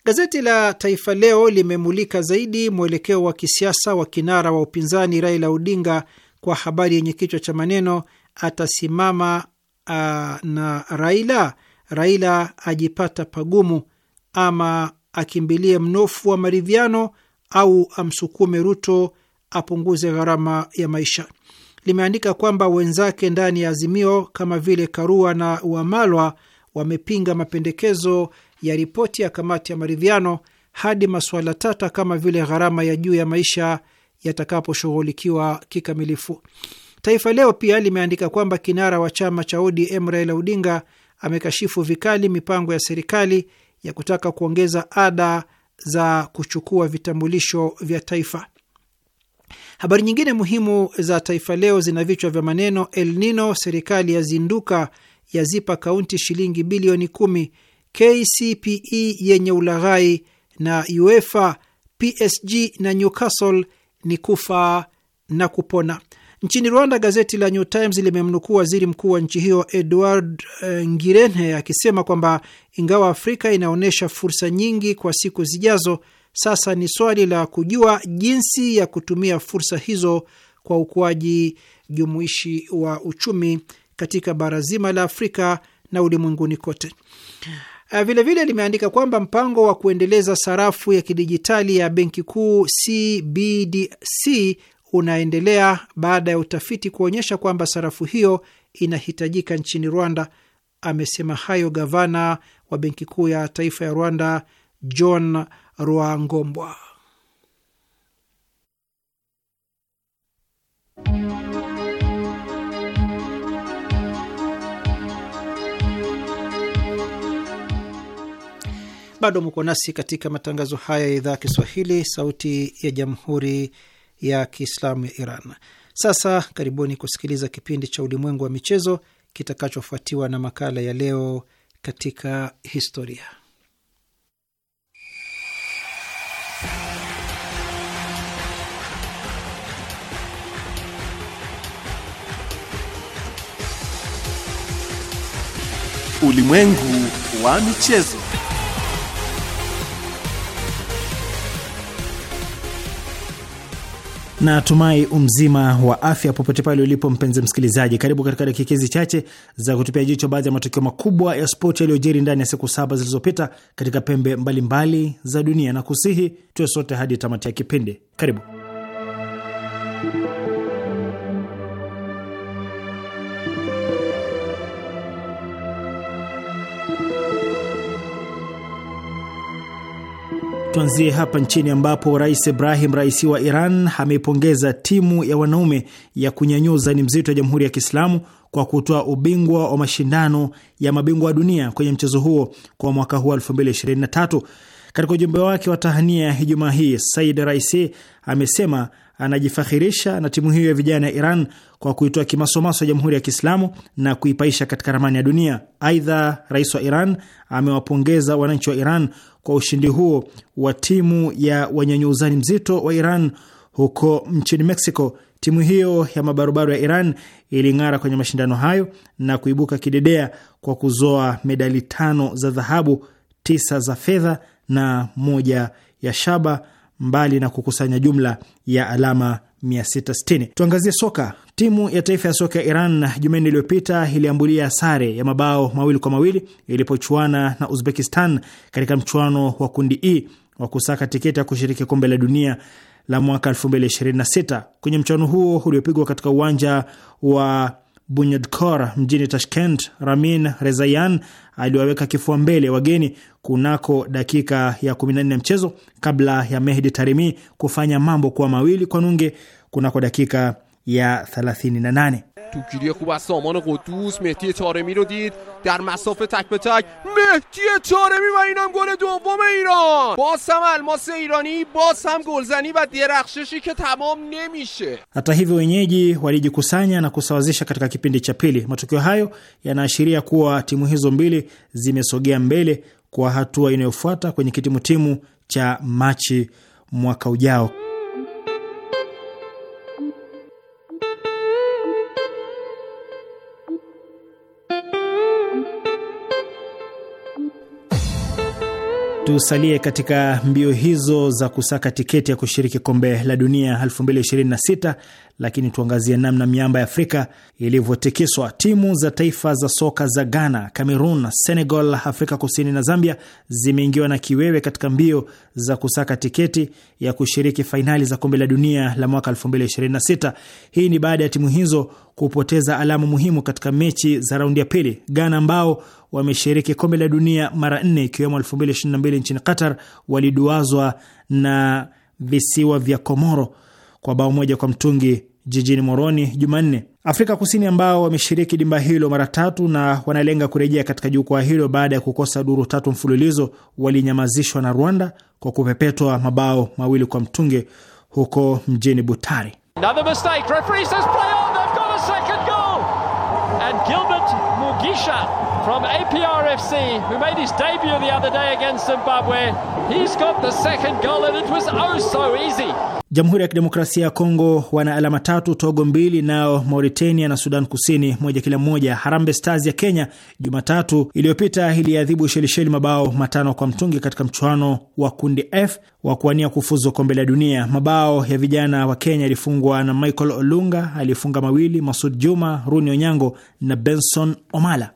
Gazeti la Taifa Leo limemulika zaidi mwelekeo wa kisiasa wa kinara wa upinzani Raila Odinga kwa habari yenye kichwa cha maneno atasimama uh, na Raila, Raila ajipata pagumu, ama akimbilie mnofu wa maridhiano au amsukume Ruto apunguze gharama ya maisha. Limeandika kwamba wenzake ndani ya Azimio kama vile Karua na Wamalwa wamepinga mapendekezo ya ripoti ya kamati ya maridhiano hadi masuala tata kama vile gharama ya juu ya maisha yatakaposhughulikiwa kikamilifu. Taifa Leo pia limeandika kwamba kinara wa chama cha ODM Raila Odinga amekashifu vikali mipango ya serikali ya kutaka kuongeza ada za kuchukua vitambulisho vya taifa. Habari nyingine muhimu za Taifa Leo zina vichwa vya maneno: El Nino, serikali yazinduka, yazipa kaunti shilingi bilioni kumi; KCPE yenye ulaghai; na UEFA, PSG na Newcastle ni kufa na kupona. Nchini Rwanda, gazeti la New Times limemnukuu waziri mkuu wa nchi hiyo Edward uh, Ngirente akisema kwamba ingawa Afrika inaonyesha fursa nyingi kwa siku zijazo, sasa ni swali la kujua jinsi ya kutumia fursa hizo kwa ukuaji jumuishi wa uchumi katika bara zima la Afrika na ulimwenguni kote. Vilevile uh, vile limeandika kwamba mpango wa kuendeleza sarafu ya kidijitali ya benki kuu CBDC unaendelea baada ya utafiti kuonyesha kwamba sarafu hiyo inahitajika nchini Rwanda. Amesema hayo gavana wa benki kuu ya taifa ya Rwanda John Rwangombwa. Bado mko nasi katika matangazo haya ya idhaa ya Kiswahili, sauti ya jamhuri ya kiislamu ya Iran. Sasa karibuni kusikiliza kipindi cha ulimwengu wa michezo kitakachofuatiwa na makala ya leo katika historia. Ulimwengu wa michezo. na tumai umzima wa afya popote pale ulipo, mpenzi msikilizaji. Karibu katika dakika hizi chache za kutupia jicho baadhi ya matukio makubwa ya spoti yaliyojiri ndani ya siku saba zilizopita katika pembe mbalimbali mbali za dunia, na kusihi tuwe sote hadi tamati ya kipindi. Karibu. Tuanzie hapa nchini ambapo Rais Ibrahim Raisi wa Iran ameipongeza timu ya wanaume ya kunyanyua uzani mzito ya Jamhuri ya Kiislamu kwa kutoa ubingwa wa mashindano ya mabingwa wa dunia kwenye mchezo huo kwa mwaka huu 2023. Katika ujumbe wake wa tahania Ijumaa hii, Said Raisi amesema anajifakhirisha na timu hiyo ya vijana ya Iran kwa kuitoa kimasomaso ya Jamhuri ya Kiislamu na kuipaisha katika ramani ya dunia. Aidha, rais wa Iran amewapongeza wananchi wa Iran kwa ushindi huo wa timu ya wenye mzito wa Iran huko nchini Mexico. Timu hiyo ya mabarobaro ya Iran iling'ara kwenye mashindano hayo na kuibuka kidedea kwa kuzoa medali tano za dhahabu, tisa za fedha na moja ya shaba mbali na kukusanya jumla ya alama 660. Tuangazie soka. Timu ya taifa ya soka ya Iran Jumanne iliyopita iliambulia sare ya mabao mawili kwa mawili ilipochuana na Uzbekistan katika mchuano wa kundi E wa kusaka tiketi ya kushiriki kombe la dunia la mwaka 2026. Kwenye mchuano huo uliopigwa katika uwanja wa bunyadkor mjini Tashkent, Ramin Rezayan aliwaweka kifua mbele wageni kunako dakika ya 14 ya mchezo kabla ya Mehdi tarimi kufanya mambo kuwa mawili kwa nunge kunako dakika ya 38. توگیری خوب از سامان قدوس مهدی چارمی رو دید در مسافه تک به تک مهدی چارمی و اینم گل دوم ایران باز هم الماس ایرانی باز هم گلزنی و درخششی که تمام نمیشه hata hivyo wenyeji walijikusanya na kusawazisha katika kipindi cha pili matokeo hayo yanaashiria kuwa timu hizo mbili zimesogea mbele kwa hatua inayofuata kwenye kitimu timu cha Machi mwaka ujao Tusalie katika mbio hizo za kusaka tiketi ya kushiriki kombe la dunia 2026 lakini tuangazie namna miamba ya Afrika ilivyotikiswa. Timu za taifa za soka za Ghana, Cameroon, Senegal, Afrika Kusini na Zambia zimeingiwa na kiwewe katika mbio za kusaka tiketi ya kushiriki fainali za kombe la dunia la mwaka 2026. Hii ni baada ya timu hizo kupoteza alama muhimu katika mechi za raundi ya pili. Ghana ambao wameshiriki kombe la dunia mara nne ikiwemo 2022 nchini Qatar, waliduazwa na visiwa vya Komoro kwa bao moja kwa mtungi jijini Moroni Jumanne. Afrika Kusini ambao wameshiriki dimba hilo mara tatu na wanalenga kurejea katika jukwaa hilo baada ya kukosa duru tatu mfululizo, walinyamazishwa na Rwanda kwa kupepetwa mabao mawili kwa mtungi huko mjini Butari from APRFC, who made his debut the other day against Zimbabwe. He's got the second goal and it was oh so easy. Jamhuri ya Kidemokrasia ya Kongo wana alama tatu, Togo mbili, nao Mauritania na Sudan Kusini moja kila moja. harambe Stars ya Kenya Jumatatu iliyopita iliadhibu Shelisheli mabao matano kwa mtungi katika mchuano wa kundi F wa kuwania kufuzu kombe la dunia. Mabao ya vijana wa Kenya yalifungwa na Michael Olunga aliyefunga mawili, Masud Juma, Runi Onyango na Benson Omala.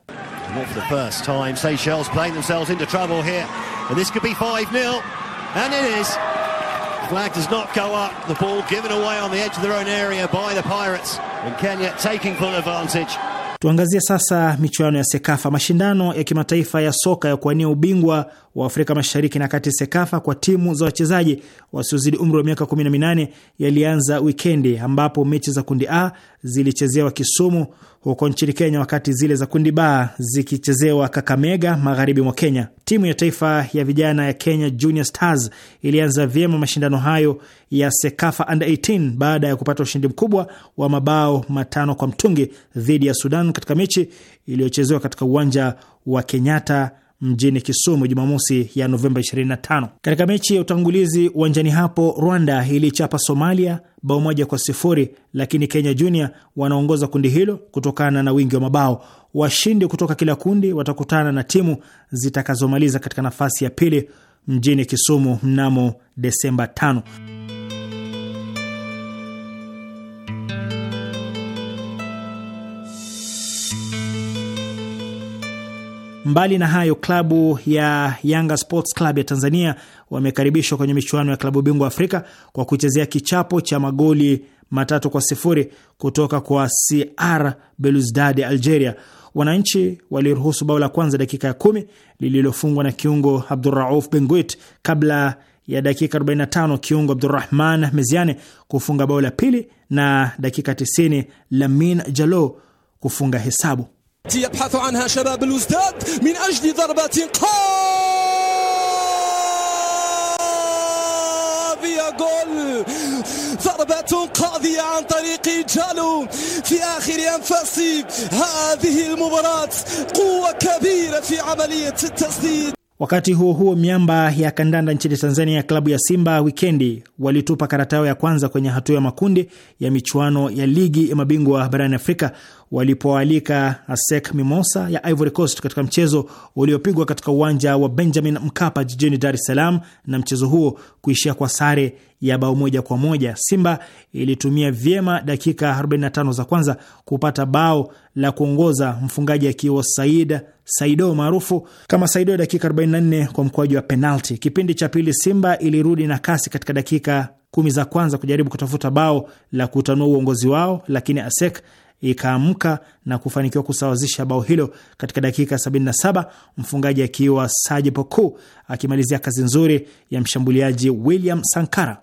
Not for the first time. Seychelles playing themselves into trouble here. And this could be 5 0. And it is. Flag does not go up. The ball given away on the edge of their own area by the Pirates. And Kenya taking full advantage. Tuangazie sasa michuano ya Sekafa, mashindano ya kimataifa ya soka ya kuwania ubingwa wa Afrika Mashariki na Kati, SEKAFA, kwa timu za wachezaji wasiozidi umri wa miaka 18 yalianza wikendi, ambapo mechi za kundi A zilichezewa Kisumu huko nchini Kenya, wakati zile za kundi B zikichezewa Kakamega, magharibi mwa Kenya. Timu ya taifa ya vijana ya Kenya, Junior Stars, ilianza vyema mashindano hayo ya SEKAFA Under 18 baada ya kupata ushindi mkubwa wa mabao matano kwa mtungi dhidi ya Sudan katika mechi iliyochezewa katika uwanja wa Kenyatta mjini Kisumu Jumamosi ya Novemba 25. Katika mechi ya utangulizi uwanjani hapo, Rwanda ilichapa Somalia bao moja kwa sifuri, lakini Kenya Junior wanaongoza kundi hilo kutokana na wingi wa mabao. Washindi kutoka kila kundi watakutana na timu zitakazomaliza katika nafasi ya pili mjini Kisumu mnamo Desemba 5. Mbali na hayo, klabu ya Yanga Sports Club ya Tanzania wamekaribishwa kwenye michuano ya klabu bingwa Afrika kwa kuchezea kichapo cha magoli matatu kwa sifuri kutoka kwa CR Belouizdad ya Algeria. Wananchi waliruhusu bao la kwanza dakika ya kumi lililofungwa na kiungo Abdurauf Benguit kabla ya dakika 45 kiungo Abdurahman Meziane kufunga bao la pili na dakika 90 Lamin Jalo kufunga hesabu. يبحث عنها شباب الوزداد من أجل ضربة قاضية جول ضربة قاضية عن طريق جالو في آخر أنفاس هذه المباراة قوة كبيرة في عملية التسديد Wakati huo huo, miamba ya kandanda nchini Tanzania ya klabu ya Simba wikendi walitupa karata yao ya kwanza kwenye hatua ya makundi ya michuano ya ligi ya mabingwa barani Afrika walipoalika ASEC Mimosa ya Ivory Coast katika mchezo uliopigwa katika uwanja wa Benjamin Mkapa jijini Dar es Salaam, na mchezo huo kuishia kwa sare ya bao moja kwa moja. Simba ilitumia vyema dakika 45 za kwanza kupata bao la kuongoza mfungaji akiwa Said Saido maarufu kama Saido ya dakika 44 kwa mkwaju wa penalti. Kipindi cha pili Simba ilirudi na kasi katika dakika kumi za kwanza kujaribu kutafuta bao la kutanua uongozi wao, lakini ASEC ikaamka na kufanikiwa kusawazisha bao hilo katika dakika 77, mfungaji akiwa Saji Poku akimalizia kazi nzuri ya mshambuliaji William Sankara.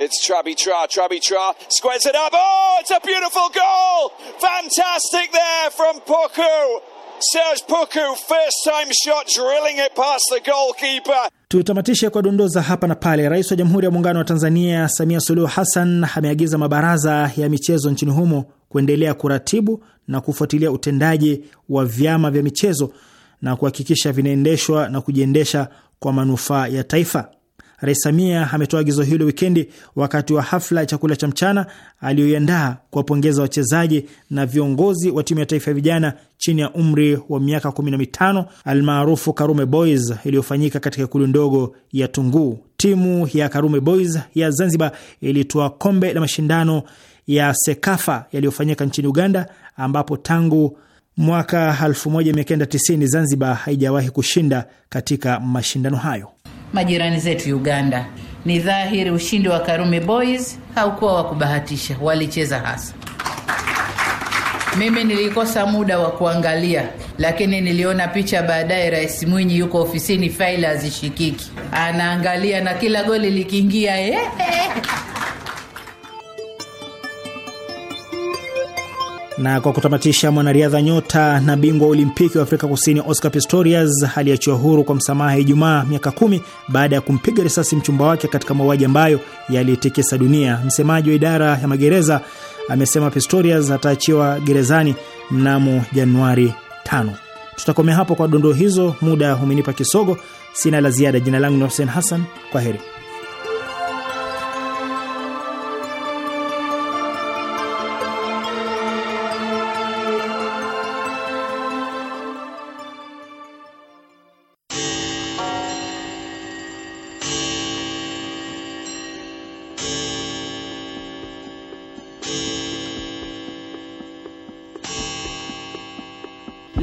It's Trabi Tra, Trabi Tra, squares it up. Oh, it's a beautiful goal! Fantastic there from Puku. Serge Puku, first time shot drilling it past the goalkeeper. Tutamatishe kwa dondoza hapa na pale. Rais wa Jamhuri ya Muungano wa Tanzania Samia Suluhu Hassan ameagiza mabaraza ya michezo nchini humo kuendelea kuratibu na kufuatilia utendaji wa vyama vya michezo na kuhakikisha vinaendeshwa na kujiendesha kwa manufaa ya taifa. Rais Samia ametoa agizo hilo wikendi wakati wa hafla ya chakula cha mchana aliyoiandaa kuwapongeza wachezaji na viongozi wa timu ya taifa ya vijana chini ya umri wa miaka 15 almaarufu Karume Boys iliyofanyika katika ikulu ndogo ya Tunguu. Timu ya Karume Boys ya Zanzibar ilitoa kombe la mashindano ya Sekafa yaliyofanyika nchini Uganda, ambapo tangu mwaka 1990 Zanzibar haijawahi kushinda katika mashindano hayo majirani zetu Uganda. Ni dhahiri ushindi wa Karume Boys haukuwa wa kubahatisha, walicheza hasa. Mimi nilikosa muda wa kuangalia, lakini niliona picha baadaye. Rais Mwinyi yuko ofisini, faili hazishikiki, anaangalia na kila goli likiingia, eh, eh. Na kwa kutamatisha, mwanariadha nyota na bingwa wa olimpiki wa Afrika Kusini Oscar Pistorius aliachiwa huru kwa msamaha Ijumaa, miaka kumi baada ya kumpiga risasi mchumba wake katika mauaji ambayo yaliitikisa dunia. Msemaji wa idara ya magereza amesema Pistorius ataachiwa gerezani mnamo Januari 5. Tutakomea hapo kwa dondoo hizo, muda umenipa kisogo. Sina la ziada. Jina langu ni Hussein Hassan, kwa heri.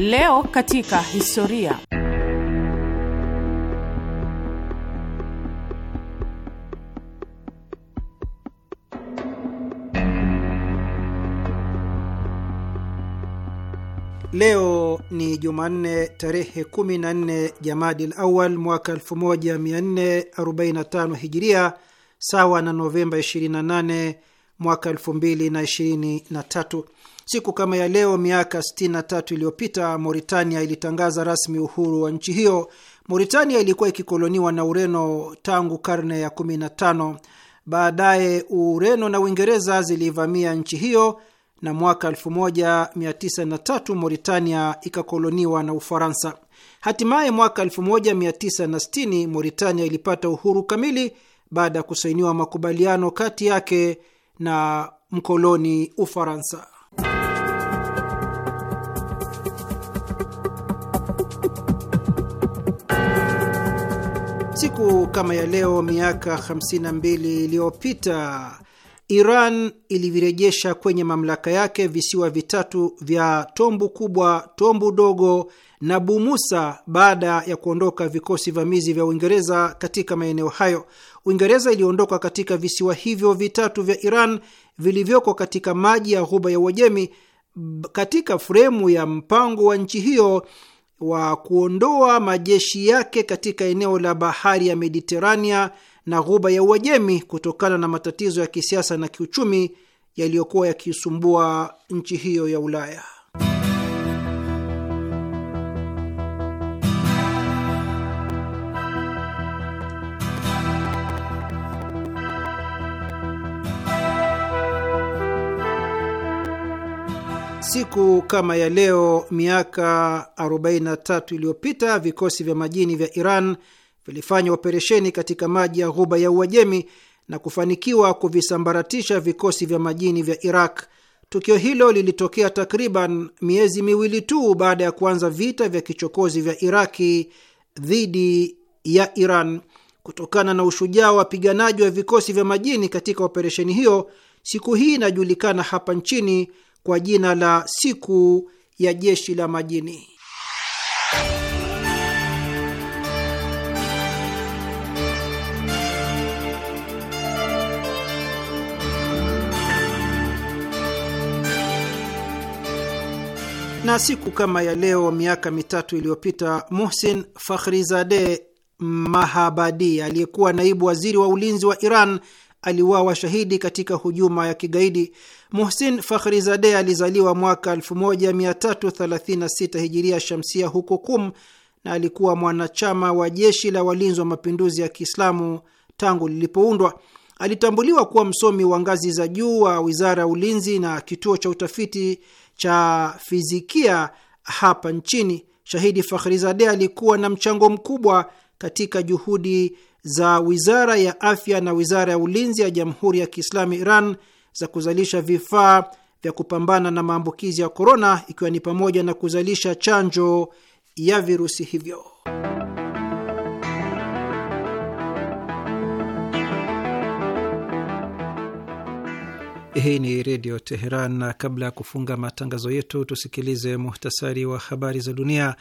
Leo katika historia. Leo ni Jumanne tarehe 14 Jamadil Awal mwaka 1445 Hijiria, sawa na Novemba 28 mwaka 2023. Siku kama ya leo miaka 63 iliyopita Mauritania ilitangaza rasmi uhuru wa nchi hiyo. Mauritania ilikuwa ikikoloniwa na Ureno tangu karne ya 15. Baadaye Ureno na Uingereza zilivamia nchi hiyo na mwaka 1903 Mauritania ikakoloniwa na Ufaransa. Hatimaye mwaka 1960 Mauritania ilipata uhuru kamili baada ya kusainiwa makubaliano kati yake na mkoloni Ufaransa. siku kama ya leo miaka 52 iliyopita Iran ilivirejesha kwenye mamlaka yake visiwa vitatu vya Tombu Kubwa, Tombu Dogo na Bumusa baada ya kuondoka vikosi vamizi vya Uingereza katika maeneo hayo. Uingereza iliondoka katika visiwa hivyo vitatu vya Iran vilivyoko katika maji ya Ghuba ya Uajemi katika fremu ya mpango wa nchi hiyo wa kuondoa majeshi yake katika eneo la bahari ya Mediterania na ghuba ya Uajemi kutokana na matatizo ya kisiasa na kiuchumi yaliyokuwa yakisumbua nchi hiyo ya Ulaya. Siku kama ya leo miaka 43 iliyopita vikosi vya majini vya Iran vilifanya operesheni katika maji ya ghuba ya Uajemi na kufanikiwa kuvisambaratisha vikosi vya majini vya Iraq. Tukio hilo lilitokea takriban miezi miwili tu baada ya kuanza vita vya kichokozi vya Iraki dhidi ya Iran. Kutokana na ushujaa wa wapiganaji wa vikosi vya majini katika operesheni hiyo, siku hii inajulikana hapa nchini kwa jina la siku ya jeshi la majini. Na siku kama ya leo miaka mitatu iliyopita Muhsin Fakhrizadeh Mahabadi aliyekuwa naibu waziri wa ulinzi wa Iran aliuawa shahidi katika hujuma ya kigaidi. Muhsin zade alizaliwa mwaka 1336 hijiria shamsia huko Kum na alikuwa mwanachama wa jeshi la walinzi wa mapinduzi ya Kiislamu tangu lilipoundwa. Alitambuliwa kuwa msomi wa ngazi za juu wa wizara ya ulinzi na kituo cha utafiti cha fizikia hapa nchini. Shahidi zade alikuwa na mchango mkubwa katika juhudi za wizara ya afya na wizara ya ulinzi ya Jamhuri ya Kiislamu Iran za kuzalisha vifaa vya kupambana na maambukizi ya korona, ikiwa ni pamoja na kuzalisha chanjo ya virusi hivyo. Hii ni Redio Teheran, na kabla ya kufunga matangazo yetu tusikilize muhtasari wa habari za dunia.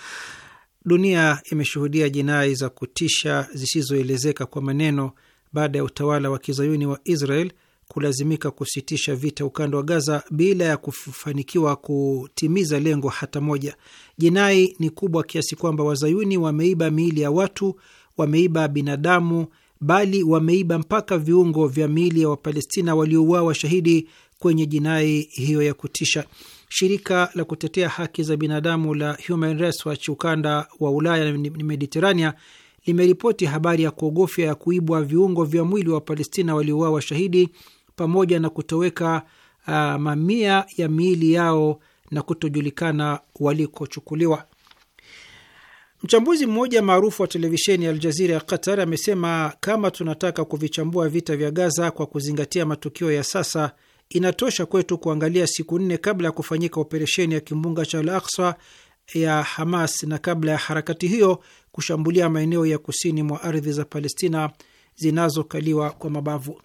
Dunia imeshuhudia jinai za kutisha zisizoelezeka kwa maneno baada ya utawala wa kizayuni wa Israel kulazimika kusitisha vita ukanda wa Gaza bila ya kufanikiwa kutimiza lengo hata moja. Jinai ni kubwa kiasi kwamba wazayuni wameiba miili ya watu, wameiba binadamu, bali wameiba mpaka viungo vya miili ya Wapalestina waliouawa shahidi kwenye jinai hiyo ya kutisha. Shirika la kutetea haki za binadamu la Human Rights Watch ukanda wa Ulaya na Mediterania limeripoti habari ya kuogofya ya kuibwa viungo vya mwili wa Palestina waliouawa shahidi pamoja na kutoweka uh, mamia ya miili yao na kutojulikana walikochukuliwa. Mchambuzi mmoja maarufu wa televisheni ya Aljazira ya Qatar amesema, kama tunataka kuvichambua vita vya Gaza kwa kuzingatia matukio ya sasa inatosha kwetu kuangalia siku nne kabla ya kufanyika operesheni ya kimbunga cha Al-Aqsa ya Hamas na kabla ya harakati hiyo kushambulia maeneo ya kusini mwa ardhi za Palestina zinazokaliwa kwa mabavu.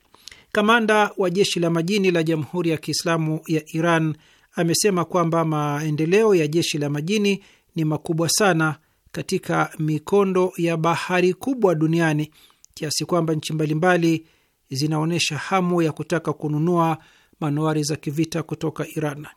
Kamanda wa jeshi la majini la Jamhuri ya Kiislamu ya Iran amesema kwamba maendeleo ya jeshi la majini ni makubwa sana katika mikondo ya bahari kubwa duniani kiasi kwamba nchi mbalimbali zinaonyesha hamu ya kutaka kununua manuari za kivita kutoka Iran.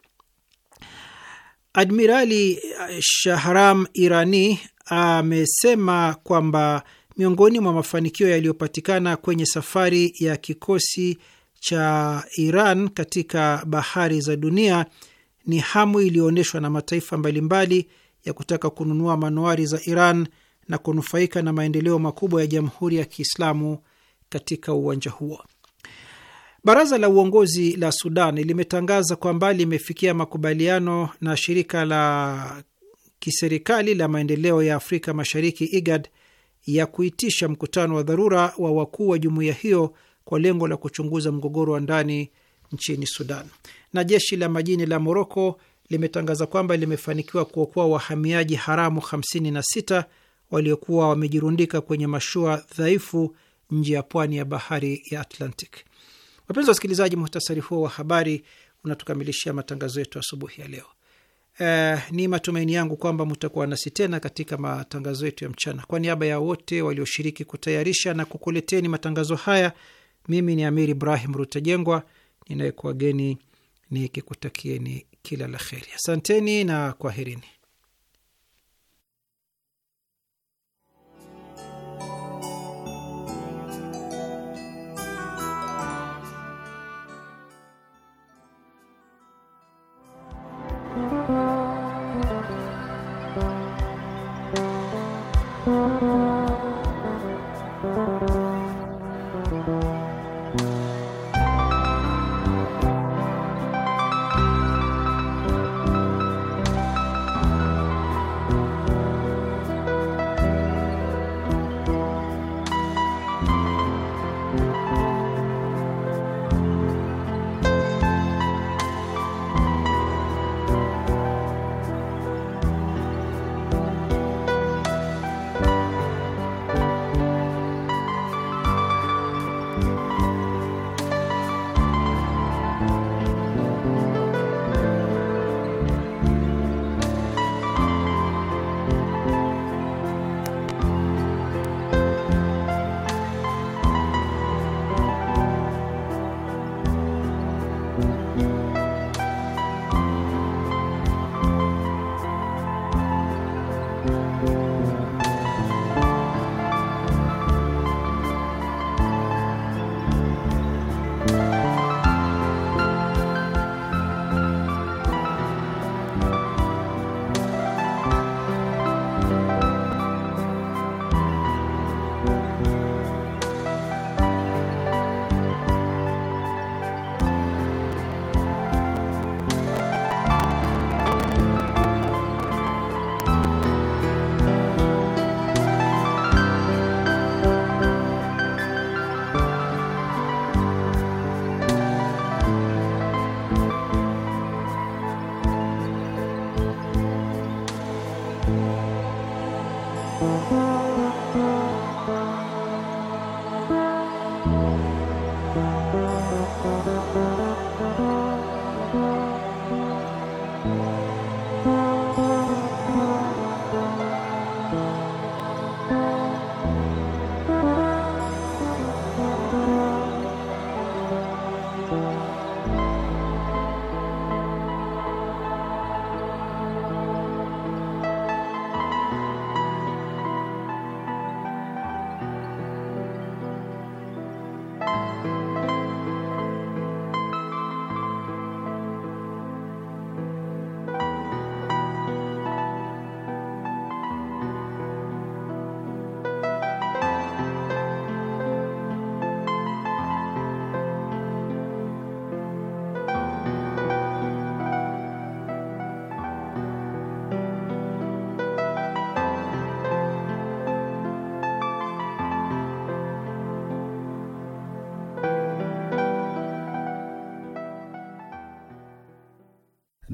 Admirali Shahram Irani amesema kwamba miongoni mwa mafanikio yaliyopatikana kwenye safari ya kikosi cha Iran katika bahari za dunia ni hamu iliyoonyeshwa na mataifa mbalimbali ya kutaka kununua manuari za Iran na kunufaika na maendeleo makubwa ya Jamhuri ya Kiislamu katika uwanja huo. Baraza la uongozi la Sudan limetangaza kwamba limefikia makubaliano na shirika la kiserikali la maendeleo ya Afrika Mashariki, IGAD, ya kuitisha mkutano wa dharura wa wakuu wa jumuiya hiyo kwa lengo la kuchunguza mgogoro wa ndani nchini Sudan. Na jeshi la majini la Moroko limetangaza kwamba limefanikiwa kuokoa wahamiaji haramu 56 waliokuwa wamejirundika kwenye mashua dhaifu nje ya pwani ya bahari ya Atlantic. Wapenzi wasikilizaji, muhtasari huo wa habari unatukamilishia matangazo yetu asubuhi ya leo. Eh, ni matumaini yangu kwamba mutakuwa nasi tena katika matangazo yetu ya mchana. Kwa niaba ya wote walioshiriki kutayarisha na kukuleteni matangazo haya, mimi ni Amir Ibrahim Rutajengwa ninayekuwageni nikikutakieni kila la heri. Asanteni na kwaherini.